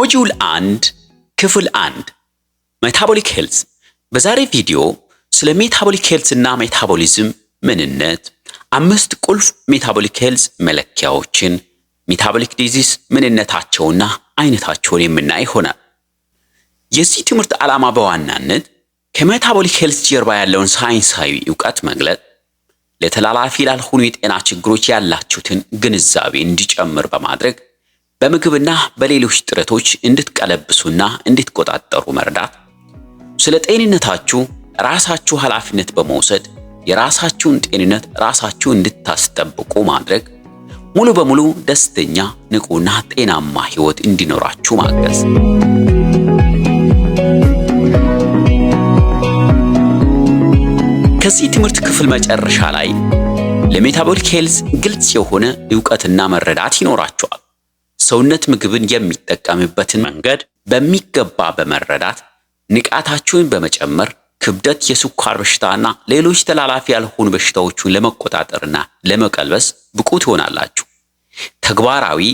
ሞጁል አንድ ክፍል አንድ ሜታቦሊክ ሄልዝ። በዛሬ ቪዲዮ ስለ ሜታቦሊክ ሄልዝ እና ሜታቦሊዝም ምንነት፣ አምስት ቁልፍ ሜታቦሊክ ሄልዝ መለኪያዎችን፣ ሜታቦሊክ ዲዚዝ ምንነታቸውና አይነታቸውን የምናይ ይሆናል። የዚህ ትምህርት ዓላማ በዋናነት ከሜታቦሊክ ሄልዝ ጀርባ ያለውን ሳይንሳዊ እውቀት መግለጥ፣ ለተላላፊ ላልሆኑ የጤና ችግሮች ያላችሁትን ግንዛቤ እንዲጨምር በማድረግ በምግብና በሌሎች ጥረቶች እንድትቀለብሱና እንድትቆጣጠሩ መርዳት፣ ስለ ጤንነታችሁ ራሳችሁ ኃላፊነት በመውሰድ የራሳችሁን ጤንነት ራሳችሁ እንድታስጠብቁ ማድረግ፣ ሙሉ በሙሉ ደስተኛ ንቁና ጤናማ ህይወት እንዲኖራችሁ ማገዝ። ከዚህ ትምህርት ክፍል መጨረሻ ላይ ለሜታቦሊክ ሄልዝ ግልጽ የሆነ ዕውቀትና መረዳት ይኖራችኋል። ሰውነት ምግብን የሚጠቀምበትን መንገድ በሚገባ በመረዳት ንቃታችሁን በመጨመር ክብደት፣ የስኳር በሽታና ሌሎች ተላላፊ ያልሆኑ በሽታዎችን ለመቆጣጠርና ለመቀልበስ ብቁ ትሆናላችሁ። ተግባራዊ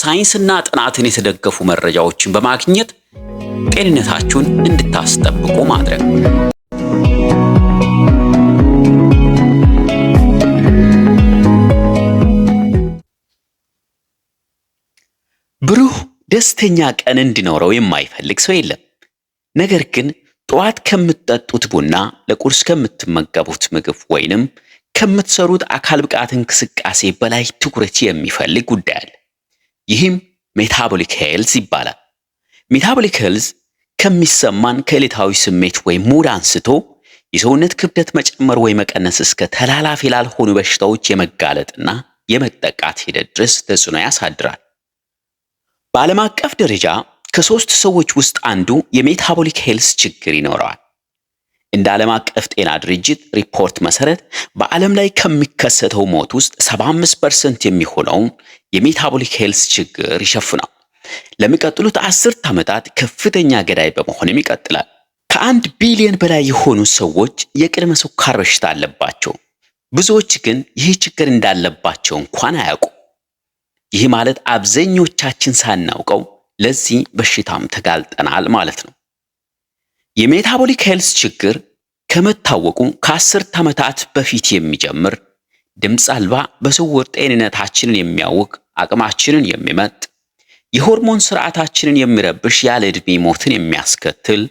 ሳይንስና ጥናትን የተደገፉ መረጃዎችን በማግኘት ጤንነታችሁን እንድታስጠብቁ ማድረግ ብሩህ ደስተኛ ቀን እንዲኖረው የማይፈልግ ሰው የለም። ነገር ግን ጠዋት ከምትጠጡት ቡና፣ ለቁርስ ከምትመገቡት ምግብ ወይንም ከምትሰሩት አካል ብቃት እንቅስቃሴ በላይ ትኩረት የሚፈልግ ጉዳይ አለ። ይህም ሜታቦሊክ ሄልዝ ይባላል። ሜታቦሊክ ሄልዝ ከሚሰማን ከዕለታዊ ስሜት ወይም ሙድ አንስቶ የሰውነት ክብደት መጨመር ወይ መቀነስ እስከ ተላላፊ ላልሆኑ በሽታዎች የመጋለጥና የመጠቃት ሂደት ድረስ ተጽዕኖ ያሳድራል። በዓለም አቀፍ ደረጃ ከሶስት ሰዎች ውስጥ አንዱ የሜታቦሊክ ሄልስ ችግር ይኖረዋል። እንደ ዓለም አቀፍ ጤና ድርጅት ሪፖርት መሰረት በዓለም ላይ ከሚከሰተው ሞት ውስጥ 75% የሚሆነው የሜታቦሊክ ሄልስ ችግር ይሸፍናል። ለሚቀጥሉት አስርት ዓመታት ከፍተኛ ገዳይ በመሆንም ይቀጥላል። ከአንድ ቢሊዮን በላይ የሆኑ ሰዎች የቅድመ ስኳር በሽታ አለባቸው። ብዙዎች ግን ይህ ችግር እንዳለባቸው እንኳን አያውቁም። ይህ ማለት አብዛኞቻችን ሳናውቀው ለዚህ በሽታም ተጋልጠናል ማለት ነው። የሜታቦሊክ ሄልስ ችግር ከመታወቁ ከአስርት ዓመታት በፊት የሚጀምር ድምፅ አልባ በስውር ጤንነታችንን የሚያውቅ አቅማችንን የሚመጥ የሆርሞን ስርዓታችንን የሚረብሽ ያለ ዕድሜ ሞትን የሚያስከትል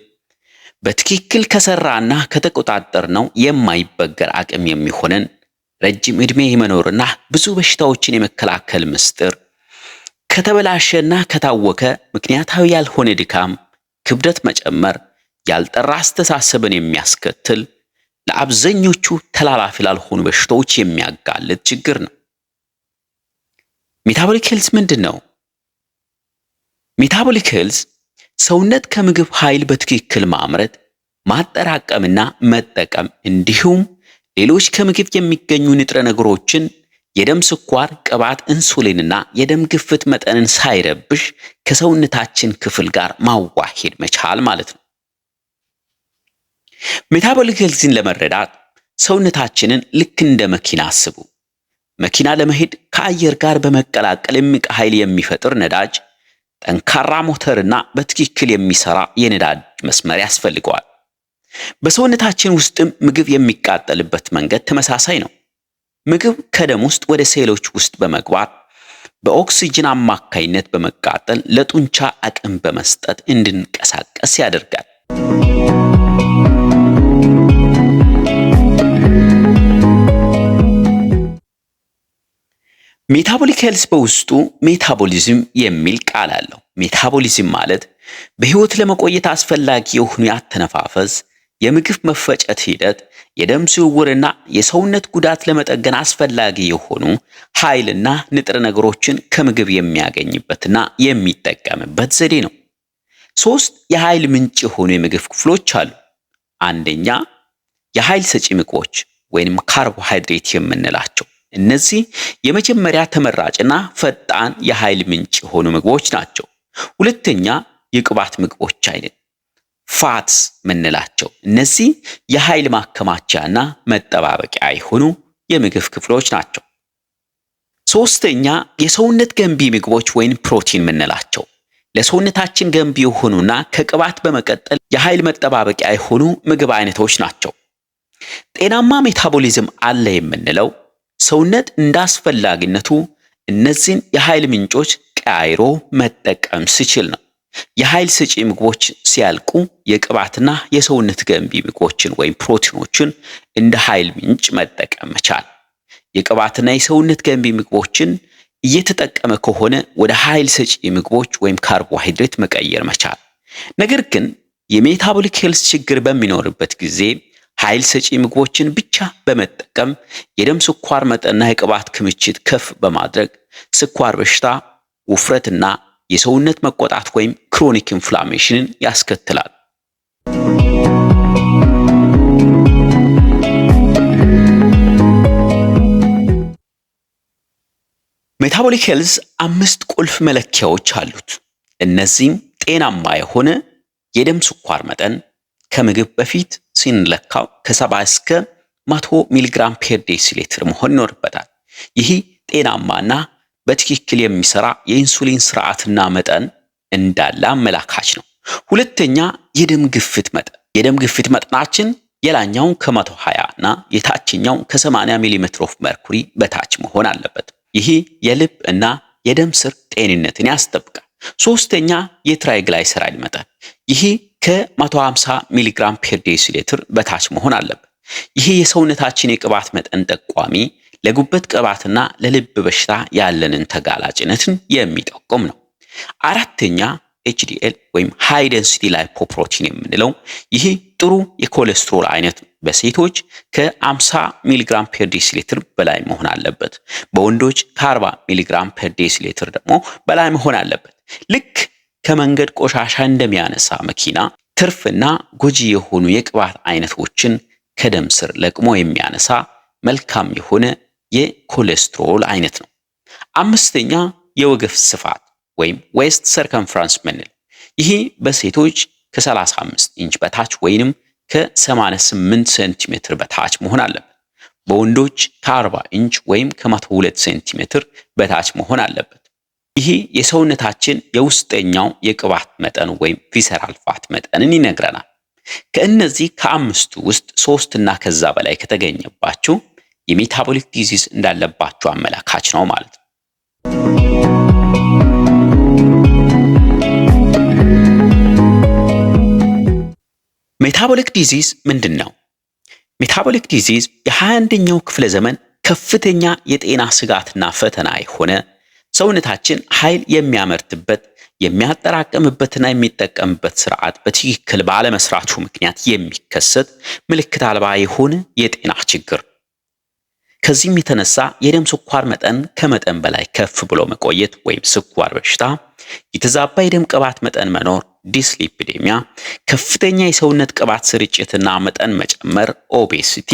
በትክክል ከሰራና ከተቆጣጠር ነው የማይበገር አቅም የሚሆንን ረጅም ዕድሜ የመኖርና ብዙ በሽታዎችን የመከላከል ምስጢር ከተበላሸና ከታወከ ምክንያታዊ ያልሆነ ድካም፣ ክብደት መጨመር፣ ያልጠራ አስተሳሰብን የሚያስከትል ለአብዛኞቹ ተላላፊ ላልሆኑ በሽታዎች የሚያጋልጥ ችግር ነው። ሜታቦሊክ ሄልዝ ምንድን ነው? ሜታቦሊክ ሄልዝ ሰውነት ከምግብ ኃይል በትክክል ማምረት ማጠራቀምና መጠቀም እንዲሁም ሌሎች ከምግብ የሚገኙ ንጥረ ነገሮችን የደም ስኳር፣ ቅባት፣ ኢንሱሊንና የደም ግፍት መጠንን ሳይረብሽ ከሰውነታችን ክፍል ጋር ማዋሄድ መቻል ማለት ነው። ሜታቦሊክ ሄልዝን ለመረዳት ሰውነታችንን ልክ እንደ መኪና አስቡ። መኪና ለመሄድ ከአየር ጋር በመቀላቀል የሚቀ ኃይል የሚፈጥር ነዳጅ፣ ጠንካራ ሞተርና በትክክል የሚሰራ የነዳጅ መስመር ያስፈልገዋል። በሰውነታችን ውስጥም ምግብ የሚቃጠልበት መንገድ ተመሳሳይ ነው። ምግብ ከደም ውስጥ ወደ ሴሎች ውስጥ በመግባት በኦክሲጅን አማካይነት በመቃጠል ለጡንቻ አቅም በመስጠት እንድንቀሳቀስ ያደርጋል። ሜታቦሊክ ሄልስ በውስጡ ሜታቦሊዝም የሚል ቃል አለው። ሜታቦሊዝም ማለት በህይወት ለመቆየት አስፈላጊ የሆኑ የአተነፋፈስ የምግብ መፈጨት ሂደት የደም ዝውውርና የሰውነት ጉዳት ለመጠገን አስፈላጊ የሆኑ ኃይልና ንጥረ ነገሮችን ከምግብ የሚያገኝበትና የሚጠቀምበት ዘዴ ነው። ሶስት የኃይል ምንጭ የሆኑ የምግብ ክፍሎች አሉ። አንደኛ የኃይል ሰጪ ምግቦች ወይንም ካርቦሃይድሬት የምንላቸው እነዚህ የመጀመሪያ ተመራጭና ፈጣን የኃይል ምንጭ የሆኑ ምግቦች ናቸው። ሁለተኛ የቅባት ምግቦች አይነት ፋትስ ምንላቸው እነዚህ የኃይል ማከማቻ እና መጠባበቂያ የሆኑ የምግብ ክፍሎች ናቸው። ሶስተኛ የሰውነት ገንቢ ምግቦች ወይም ፕሮቲን ምንላቸው ለሰውነታችን ገንቢ የሆኑና ከቅባት በመቀጠል የኃይል መጠባበቂያ የሆኑ ምግብ አይነቶች ናቸው። ጤናማ ሜታቦሊዝም አለ የምንለው ሰውነት እንዳስፈላጊነቱ እነዚህን የኃይል ምንጮች ቀያይሮ መጠቀም ሲችል ነው። የኃይል ሰጪ ምግቦች ሲያልቁ የቅባትና የሰውነት ገንቢ ምግቦችን ወይም ፕሮቲኖችን እንደ ኃይል ምንጭ መጠቀም መቻል። የቅባትና የሰውነት ገንቢ ምግቦችን እየተጠቀመ ከሆነ ወደ ኃይል ሰጪ ምግቦች ወይም ካርቦሃይድሬት መቀየር መቻል። ነገር ግን የሜታቦሊክ ሄልስ ችግር በሚኖርበት ጊዜ ኃይል ሰጪ ምግቦችን ብቻ በመጠቀም የደም ስኳር መጠንና የቅባት ክምችት ከፍ በማድረግ ስኳር በሽታ፣ ውፍረትና የሰውነት መቆጣት ወይም ክሮኒክ ኢንፍላሜሽንን ያስከትላል። ሜታቦሊክ ሄልዝ አምስት ቁልፍ መለኪያዎች አሉት። እነዚህም ጤናማ የሆነ የደም ስኳር መጠን ከምግብ በፊት ሲንለካው ከሰባ እስከ መቶ ሚሊግራም ፔር ዴሲሊትር መሆን ይኖርበታል። ይህ ጤናማና በትክክል የሚሰራ የኢንሱሊን ስርዓትና መጠን እንዳለ አመላካች ነው። ሁለተኛ የደም ግፊት መጠን የደም ግፊት መጠናችን የላኛውን ከ120 እና የታችኛውን ከ80 ሚሊሜትር ኦፍ መርኩሪ በታች መሆን አለበት። ይህ የልብ እና የደም ስር ጤንነትን ያስጠብቃል። ሶስተኛ የትራይግላይሰራይድ መጠን ይህ ከ150 ሚሊግራም ፐር ዴሲሊትር በታች መሆን አለበት። ይህ የሰውነታችን የቅባት መጠን ጠቋሚ ለጉበት ቅባትና ለልብ በሽታ ያለንን ተጋላጭነትን የሚጠቁም ነው። አራተኛ ኤችዲኤል ወይም ሃይ ደንሲቲ ላይፖፕሮቲን የምንለው ይህ ጥሩ የኮሌስትሮል አይነት በሴቶች ከ50 ሚሊግራም ፐር ዴሲሊትር በላይ መሆን አለበት። በወንዶች ከ40 ሚሊግራም ፐር ዴሲሊትር ደግሞ በላይ መሆን አለበት። ልክ ከመንገድ ቆሻሻ እንደሚያነሳ መኪና ትርፍና ጎጂ የሆኑ የቅባት አይነቶችን ከደም ስር ለቅሞ የሚያነሳ መልካም የሆነ የኮሌስትሮል አይነት ነው። አምስተኛ የወገብ ስፋት ወይም ዌስት ሰርከምፍራንስ ምንል ይሄ በሴቶች ከ35 ኢንች በታች ወይንም ከ88 ሴንቲሜትር በታች መሆን አለበት። በወንዶች ከ40 ኢንች ወይም ከ102 ሴንቲሜትር በታች መሆን አለበት። ይሄ የሰውነታችን የውስጠኛው የቅባት መጠን ወይም ቪሰራል ፋት መጠንን ይነግረናል። ከእነዚህ ከአምስቱ ውስጥ ሶስት እና ከዛ በላይ ከተገኘባችሁ የሜታቦሊክ ዲዚዝ እንዳለባቸው አመላካች ነው ማለት ነው። ሜታቦሊክ ዲዚዝ ምንድን ነው? ሜታቦሊክ ዲዚዝ የ21ኛው ክፍለ ዘመን ከፍተኛ የጤና ስጋትና ፈተና የሆነ ሰውነታችን ኃይል የሚያመርትበት የሚያጠራቅምበትና የሚጠቀምበት ስርዓት በትክክል ባለመስራቱ ምክንያት የሚከሰት ምልክት አልባ የሆነ የጤና ችግር ከዚህም የተነሳ የደም ስኳር መጠን ከመጠን በላይ ከፍ ብሎ መቆየት ወይም ስኳር በሽታ፣ የተዛባ የደም ቅባት መጠን መኖር ዲስሊፒዴሚያ፣ ከፍተኛ የሰውነት ቅባት ስርጭትና መጠን መጨመር ኦቤሲቲ፣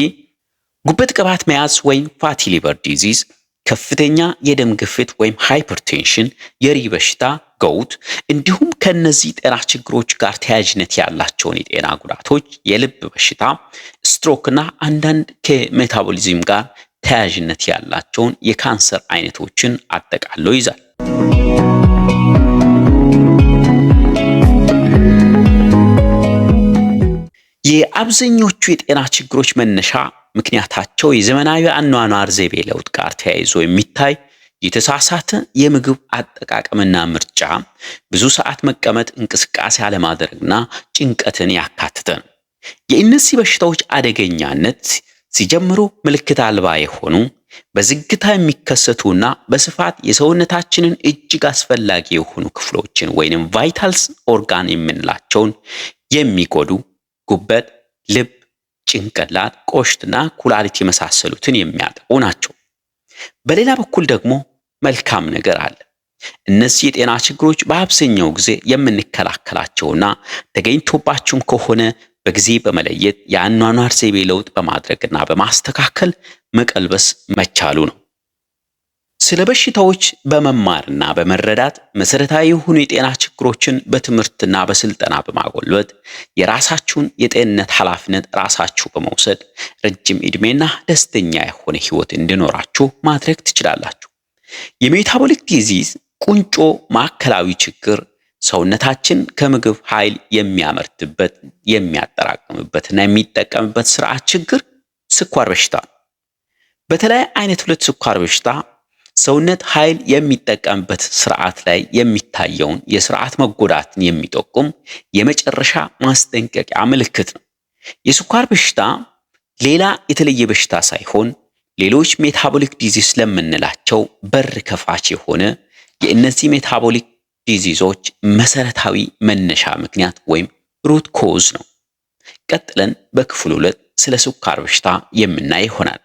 ጉበት ቅባት መያዝ ወይም ፋቲ ሊቨር ዲዚዝ፣ ከፍተኛ የደም ግፊት ወይም ሃይፐርቴንሽን፣ የሪ በሽታ ገውት፣ እንዲሁም ከነዚህ ጤና ችግሮች ጋር ተያያዥነት ያላቸውን የጤና ጉዳቶች የልብ በሽታ፣ ስትሮክ አንዳንድ ከሜታቦሊዝም ጋር ተያያዥነት ያላቸውን የካንሰር አይነቶችን አጠቃሎ ይዛል። የአብዛኞቹ የጤና ችግሮች መነሻ ምክንያታቸው የዘመናዊ አኗኗር ዘይቤ ለውጥ ጋር ተያይዞ የሚታይ የተሳሳተ የምግብ አጠቃቀምና ምርጫ፣ ብዙ ሰዓት መቀመጥ፣ እንቅስቃሴ አለማድረግና ጭንቀትን ያካትተ ነው። የእነዚህ በሽታዎች አደገኛነት ሲጀምሩ ምልክት አልባ የሆኑ በዝግታ የሚከሰቱና በስፋት የሰውነታችንን እጅግ አስፈላጊ የሆኑ ክፍሎችን ወይንም ቫይታልስ ኦርጋን የምንላቸውን የሚጎዱ ጉበት፣ ልብ፣ ጭንቅላት፣ ቆሽትና ኩላሊት የመሳሰሉትን የሚያጠቁ ናቸው። በሌላ በኩል ደግሞ መልካም ነገር አለ። እነዚህ የጤና ችግሮች በአብዛኛው ጊዜ የምንከላከላቸውና ተገኝቶባቸውም ከሆነ በጊዜ በመለየት የአኗኗር ዘይቤ ለውጥ በማድረግና በማስተካከል መቀልበስ መቻሉ ነው። ስለ በሽታዎች በመማርና በመረዳት መሰረታዊ የሆኑ የጤና ችግሮችን በትምህርትና በስልጠና በማጎልበት የራሳችሁን የጤንነት ኃላፊነት ራሳችሁ በመውሰድ ረጅም ዕድሜና ደስተኛ የሆነ ህይወት እንዲኖራችሁ ማድረግ ትችላላችሁ። የሜታቦሊክ ዲዚዝ ቁንጮ ማዕከላዊ ችግር ሰውነታችን ከምግብ ኃይል የሚያመርትበት የሚያጠራቅምበትና የሚጠቀምበት ስርዓት ችግር ስኳር በሽታ ነው። በተለይ አይነት ሁለት ስኳር በሽታ ሰውነት ኃይል የሚጠቀምበት ስርዓት ላይ የሚታየውን የስርዓት መጎዳትን የሚጠቁም የመጨረሻ ማስጠንቀቂያ ምልክት ነው። የስኳር በሽታ ሌላ የተለየ በሽታ ሳይሆን ሌሎች ሜታቦሊክ ዲዚስ ስለምንላቸው በር ከፋች የሆነ የእነዚህ ሜታቦሊክ ዲዚዞች መሰረታዊ መነሻ ምክንያት ወይም ሩት ኮዝ ነው። ቀጥለን በክፍል ሁለት ስለ ስኳር በሽታ የምናይ ይሆናል።